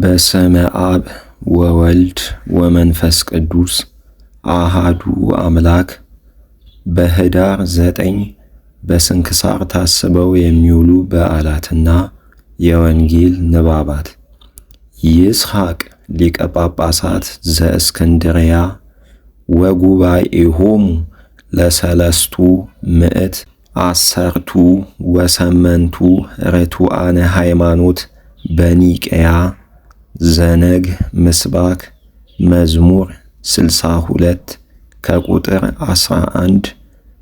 በስመ አብ ወወልድ ወመንፈስ ቅዱስ አሃዱ አምላክ። በህዳር ዘጠኝ በስንክሳር ታስበው የሚውሉ በዓላትና የወንጌል ንባባት ይስሐቅ ሊቀ ጳጳሳት ዘእስክንድርያ ወጉባኤሆሙ ለሰለስቱ ምዕት አሰርቱ ወሰመንቱ ርቱዓነ ሃይማኖት በኒቀያ ዘነግ ምስባክ መዝሙር 62 ከቁጥር 11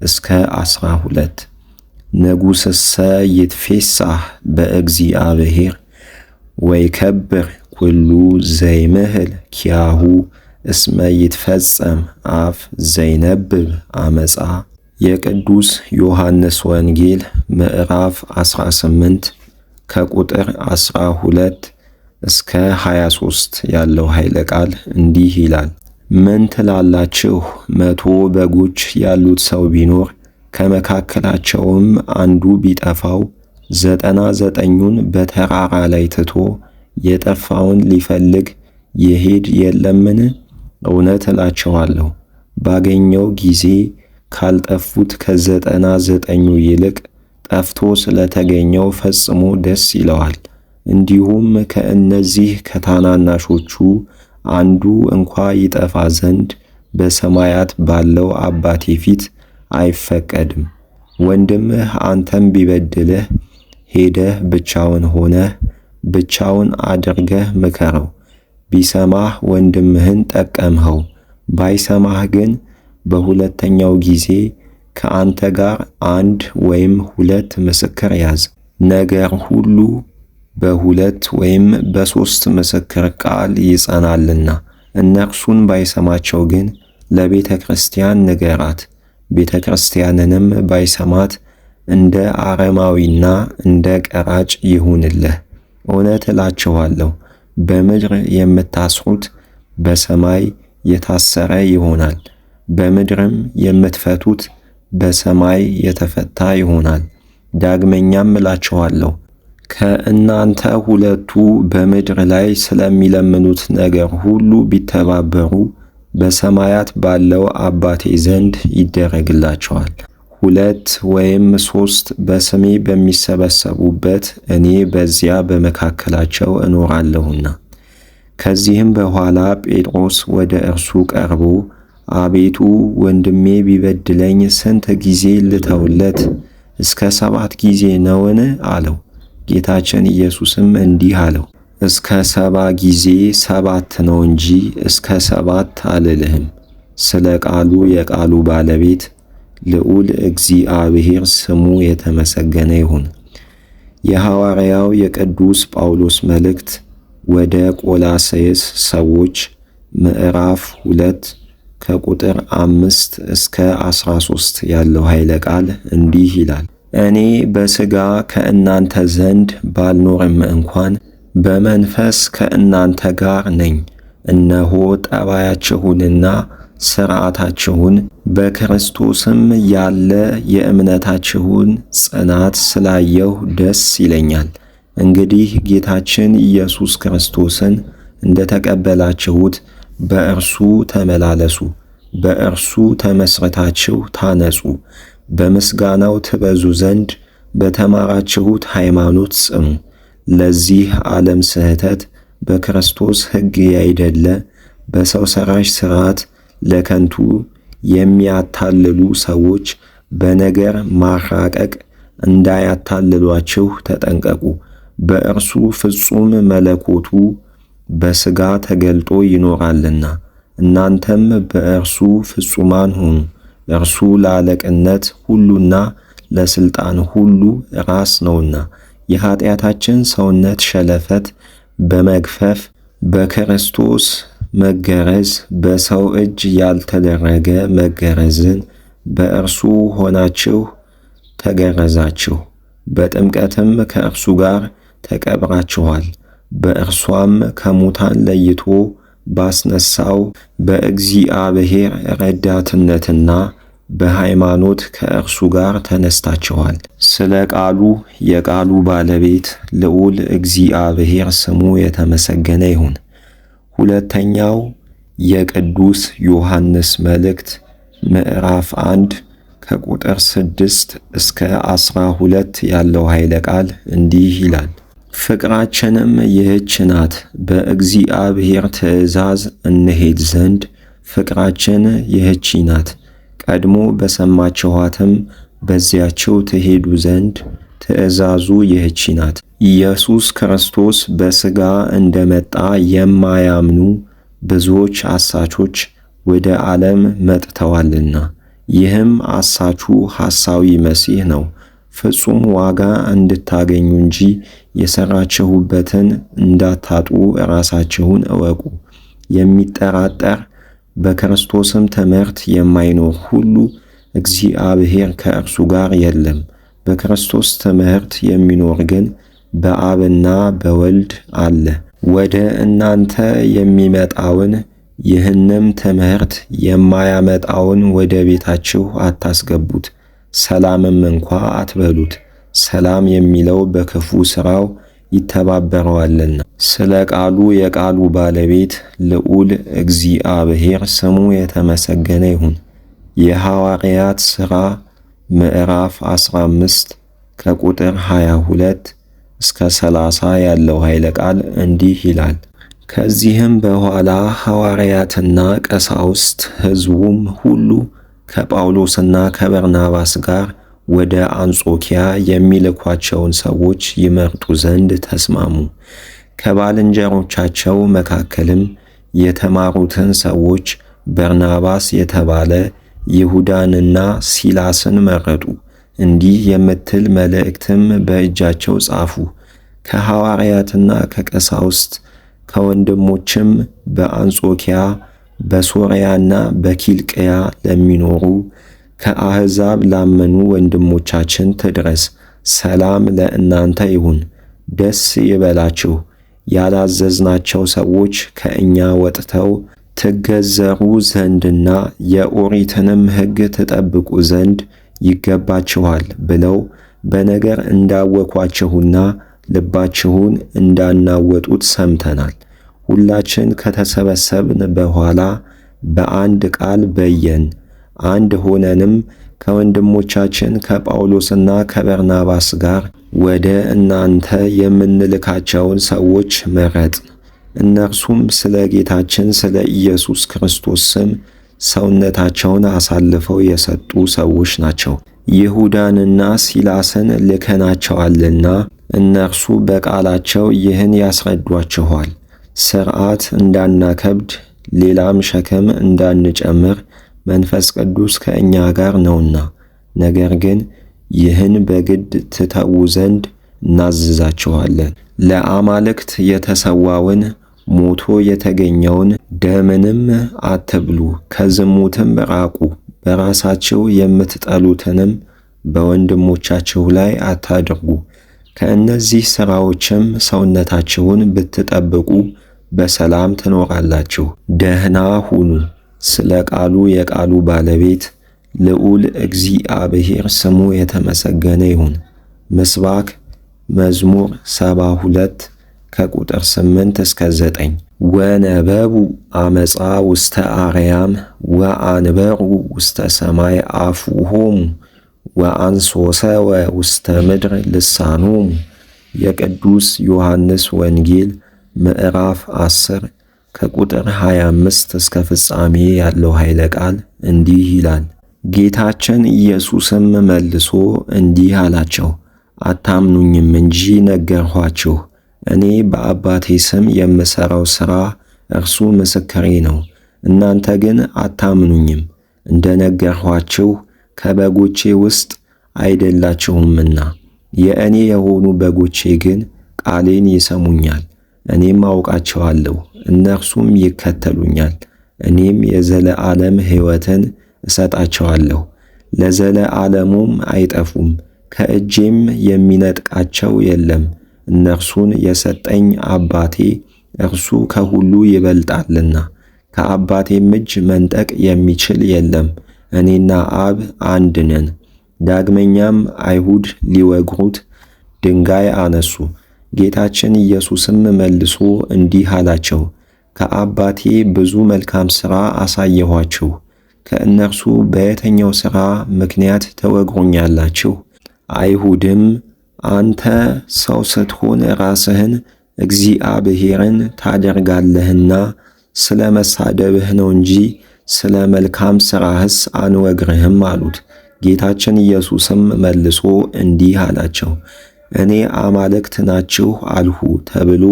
እስከ 12 ንጉሥሰ ይትፌሳህ በእግዚአብሔር ወይከብር ኩሉ ዘይምህል ኪያሁ እስመ ይትፈጸም አፍ ዘይነብብ አመፃ። የቅዱስ ዮሐንስ ወንጌል ምዕራፍ 18 ከቁጥር 12 እስከ 23 ያለው ኃይለ ቃል እንዲህ ይላል። ምን ትላላችሁ? መቶ በጎች ያሉት ሰው ቢኖር ከመካከላቸውም አንዱ ቢጠፋው ዘጠና ዘጠኙን በተራራ ላይ ትቶ የጠፋውን ሊፈልግ የሄድ የለምን? እውነት እላችኋለሁ ባገኘው ጊዜ ካልጠፉት ከዘጠና ዘጠኙ ይልቅ ጠፍቶ ስለተገኘው ፈጽሞ ደስ ይለዋል። እንዲሁም ከእነዚህ ከታናናሾቹ አንዱ እንኳ ይጠፋ ዘንድ በሰማያት ባለው አባቴ ፊት አይፈቀድም። ወንድምህ አንተም ቢበድልህ ሄደህ ብቻውን ሆነህ ብቻውን አድርገህ ምከረው። ቢሰማህ ወንድምህን ጠቀምኸው፣ ባይሰማህ ግን በሁለተኛው ጊዜ ከአንተ ጋር አንድ ወይም ሁለት ምስክር ያዝ። ነገር ሁሉ በሁለት ወይም በሦስት ምስክር ቃል ይጸናልና። እነርሱን ባይሰማቸው ግን ለቤተ ክርስቲያን ንገራት። ቤተ ክርስቲያንንም ባይሰማት እንደ አረማዊና እንደ ቀራጭ ይሁንልህ። እውነት እላችኋለሁ በምድር የምታስሩት በሰማይ የታሰረ ይሆናል፣ በምድርም የምትፈቱት በሰማይ የተፈታ ይሆናል። ዳግመኛም እላችኋለሁ ከእናንተ ሁለቱ በምድር ላይ ስለሚለምኑት ነገር ሁሉ ቢተባበሩ በሰማያት ባለው አባቴ ዘንድ ይደረግላቸዋል። ሁለት ወይም ሦስት በስሜ በሚሰበሰቡበት እኔ በዚያ በመካከላቸው እኖራለሁና። ከዚህም በኋላ ጴጥሮስ ወደ እርሱ ቀርቦ አቤቱ ወንድሜ ቢበድለኝ ስንት ጊዜ ልተውለት? እስከ ሰባት ጊዜ ነውን? አለው። ጌታችን ኢየሱስም እንዲህ አለው፣ እስከ ሰባ ጊዜ ሰባት ነው እንጂ እስከ ሰባት አልልህም። ስለ ቃሉ የቃሉ ባለቤት ልዑል እግዚአብሔር ስሙ የተመሰገነ ይሁን። የሐዋርያው የቅዱስ ጳውሎስ መልእክት ወደ ቆላሰየስ ሰዎች ምዕራፍ ሁለት ከቁጥር አምስት እስከ አስራ ሶስት ያለው ኃይለ ቃል እንዲህ ይላል እኔ በሥጋ ከእናንተ ዘንድ ባልኖርም እንኳን በመንፈስ ከእናንተ ጋር ነኝ። እነሆ ጠባያችሁንና ሥርዓታችሁን በክርስቶስም ያለ የእምነታችሁን ጽናት ስላየሁ ደስ ይለኛል። እንግዲህ ጌታችን ኢየሱስ ክርስቶስን እንደ ተቀበላችሁት በእርሱ ተመላለሱ፣ በእርሱ ተመስርታችሁ ታነጹ በምስጋናው ትበዙ ዘንድ በተማራችሁት ሃይማኖት ጽኑ። ለዚህ ዓለም ስህተት በክርስቶስ ሕግ ያይደለ በሰው ሠራሽ ሥርዓት ለከንቱ የሚያታልሉ ሰዎች በነገር ማራቀቅ እንዳያታልሏችሁ ተጠንቀቁ። በእርሱ ፍጹም መለኮቱ በሥጋ ተገልጦ ይኖራልና እናንተም በእርሱ ፍጹማን ሁኑ። እርሱ ለአለቅነት ሁሉና ለስልጣን ሁሉ ራስ ነውና የኀጢአታችን ሰውነት ሸለፈት በመግፈፍ በክርስቶስ መገረዝ በሰው እጅ ያልተደረገ መገረዝን በእርሱ ሆናችሁ ተገረዛችሁ። በጥምቀትም ከእርሱ ጋር ተቀብራችኋል። በእርሷም ከሙታን ለይቶ ባስነሳው በእግዚአብሔር ረዳትነትና በሃይማኖት ከእርሱ ጋር ተነስታችኋል። ስለ ቃሉ የቃሉ ባለቤት ልዑል እግዚአብሔር ስሙ የተመሰገነ ይሁን። ሁለተኛው የቅዱስ ዮሐንስ መልእክት ምዕራፍ አንድ ከቁጥር ስድስት እስከ ዐሥራ ሁለት ያለው ኃይለ ቃል እንዲህ ይላል። ፍቅራችንም ይህች ናት፣ በእግዚአብሔር ትእዛዝ እንሄድ ዘንድ ፍቅራችን ይህች ናት ቀድሞ በሰማችኋትም በዚያቸው ትሄዱ ዘንድ ትእዛዙ ይህች ናት። ኢየሱስ ክርስቶስ በሥጋ እንደመጣ የማያምኑ ብዙዎች አሳቾች ወደ ዓለም መጥተዋልና፣ ይህም አሳቹ ሐሳዊ መሲህ ነው። ፍጹም ዋጋ እንድታገኙ እንጂ የሠራችሁበትን እንዳታጡ ራሳችሁን እወቁ። የሚጠራጠር በክርስቶስም ትምህርት የማይኖር ሁሉ እግዚአብሔር ከእርሱ ጋር የለም። በክርስቶስ ትምህርት የሚኖር ግን በአብና በወልድ አለ። ወደ እናንተ የሚመጣውን ይህንም ትምህርት የማያመጣውን ወደ ቤታችሁ አታስገቡት፣ ሰላምም እንኳ አትበሉት። ሰላም የሚለው በክፉ ሥራው ይተባበረዋልና። ስለ ቃሉ የቃሉ ባለቤት ልዑል እግዚአብሔር ስሙ የተመሰገነ ይሁን። የሐዋርያት ሥራ ምዕራፍ 15 ከቁጥር 22 እስከ 30 ያለው ኃይለ ቃል እንዲህ ይላል። ከዚህም በኋላ ሐዋርያትና ቀሳውስት ሕዝቡም ሁሉ ከጳውሎስና ከበርናባስ ጋር ወደ አንጾኪያ የሚልኳቸውን ሰዎች ይመርጡ ዘንድ ተስማሙ። ከባልንጀሮቻቸው መካከልም የተማሩትን ሰዎች በርናባስ የተባለ ይሁዳንና ሲላስን መረጡ። እንዲህ የምትል መልእክትም በእጃቸው ጻፉ። ከሐዋርያትና ከቀሳውስት ከወንድሞችም በአንጾኪያ በሶርያና በኪልቅያ ለሚኖሩ ከአሕዛብ ላመኑ ወንድሞቻችን ትድረስ። ሰላም ለእናንተ ይሁን፣ ደስ ይበላችሁ። ያላዘዝናቸው ሰዎች ከእኛ ወጥተው ትገዘሩ ዘንድና የኦሪትንም ሕግ ትጠብቁ ዘንድ ይገባችኋል ብለው በነገር እንዳወኳችሁና ልባችሁን እንዳናወጡት ሰምተናል። ሁላችን ከተሰበሰብን በኋላ በአንድ ቃል በየን። አንድ ሆነንም ከወንድሞቻችን ከጳውሎስና ከበርናባስ ጋር ወደ እናንተ የምንልካቸውን ሰዎች መረጥ። እነርሱም ስለ ጌታችን ስለ ኢየሱስ ክርስቶስ ስም ሰውነታቸውን አሳልፈው የሰጡ ሰዎች ናቸው። ይሁዳንና ሲላስን ልከናቸዋልና እነርሱ በቃላቸው ይህን ያስረዷችኋል። ሥርዓት እንዳናከብድ ሌላም ሸክም እንዳንጨምር መንፈስ ቅዱስ ከእኛ ጋር ነውና፣ ነገር ግን ይህን በግድ ትተዉ ዘንድ እናዝዛችኋለን። ለአማልክት የተሰዋውን ሞቶ የተገኘውን ደምንም አትብሉ፣ ከዝሙትም ራቁ። በራሳችሁ የምትጠሉትንም በወንድሞቻችሁ ላይ አታድርጉ። ከእነዚህ ሥራዎችም ሰውነታችሁን ብትጠብቁ በሰላም ትኖራላችሁ። ደህና ሁኑ። ስለ ቃሉ የቃሉ ባለቤት ልዑል እግዚአብሔር ስሙ የተመሰገነ ይሁን። ምስባክ መዝሙር 72 ከቁጥር 8 እስከ 9 ወነበቡ አመፃ ውስተ አርያም ወአንበሩ ውስተ ሰማይ አፉሆሙ ወአንሶሰወ ውስተ ምድር ልሳኖሙ የቅዱስ ዮሐንስ ወንጌል ምዕራፍ 10 ከቁጥር 25 እስከ ፍጻሜ ያለው ኃይለ ቃል እንዲህ ይላል። ጌታችን ኢየሱስም መልሶ እንዲህ አላቸው፣ አታምኑኝም እንጂ ነገርኋችሁ። እኔ በአባቴ ስም የምሠራው ሥራ እርሱ ምስክሬ ነው። እናንተ ግን አታምኑኝም፣ እንደ ነገርኋችሁ ከበጎቼ ውስጥ አይደላችሁምና። የእኔ የሆኑ በጎቼ ግን ቃሌን ይሰሙኛል እኔም አውቃቸዋለሁ፣ እነርሱም ይከተሉኛል። እኔም የዘለ ዓለም ሕይወትን እሰጣቸዋለሁ፣ ለዘለ ዓለሙም አይጠፉም፣ ከእጄም የሚነጥቃቸው የለም። እነርሱን የሰጠኝ አባቴ እርሱ ከሁሉ ይበልጣልና ከአባቴም እጅ መንጠቅ የሚችል የለም። እኔና አብ አንድ ነን። ዳግመኛም አይሁድ ሊወግሩት ድንጋይ አነሱ። ጌታችን ኢየሱስም መልሶ እንዲህ አላቸው፣ ከአባቴ ብዙ መልካም ሥራ አሳየኋችሁ። ከእነርሱ በየተኛው ሥራ ምክንያት ተወግሮኛላችሁ? አይሁድም አንተ ሰው ስትሆን ራስህን እግዚአብሔርን ታደርጋለህና ስለ መሳደብህ ነው እንጂ ስለ መልካም ሥራህስ አንወግርህም አሉት። ጌታችን ኢየሱስም መልሶ እንዲህ አላቸው እኔ አማልክት ናችሁ አልሁ ተብሎ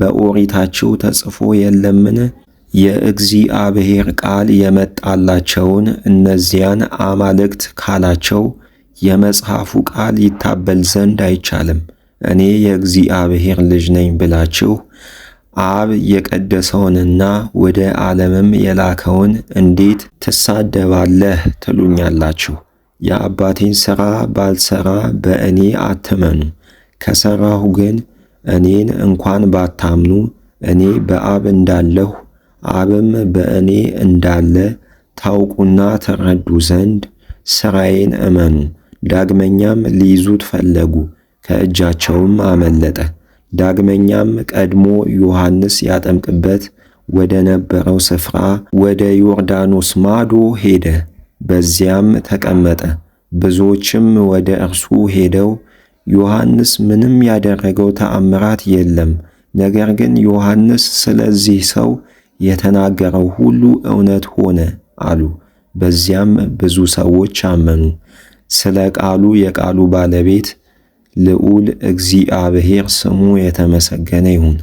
በኦሪታችሁ ተጽፎ የለምን? የእግዚአብሔር ቃል የመጣላቸውን እነዚያን አማልክት ካላቸው የመጽሐፉ ቃል ይታበል ዘንድ አይቻልም። እኔ የእግዚአብሔር ልጅ ነኝ ብላችሁ አብ የቀደሰውንና ወደ ዓለምም የላከውን እንዴት ትሳደባለህ ትሉኛላችሁ። የአባቴን ሥራ ባልሠራ በእኔ አትመኑ፤ ከሠራሁ ግን እኔን እንኳን ባታምኑ እኔ በአብ እንዳለሁ አብም በእኔ እንዳለ ታውቁና ትረዱ ዘንድ ሥራዬን እመኑ። ዳግመኛም ሊይዙት ፈለጉ፣ ከእጃቸውም አመለጠ። ዳግመኛም ቀድሞ ዮሐንስ ያጠምቅበት ወደ ነበረው ስፍራ ወደ ዮርዳኖስ ማዶ ሄደ። በዚያም ተቀመጠ። ብዙዎችም ወደ እርሱ ሄደው ዮሐንስ ምንም ያደረገው ተአምራት የለም፣ ነገር ግን ዮሐንስ ስለዚህ ሰው የተናገረው ሁሉ እውነት ሆነ አሉ። በዚያም ብዙ ሰዎች አመኑ። ስለ ቃሉ የቃሉ ባለቤት ልዑል እግዚአብሔር ስሙ የተመሰገነ ይሁን።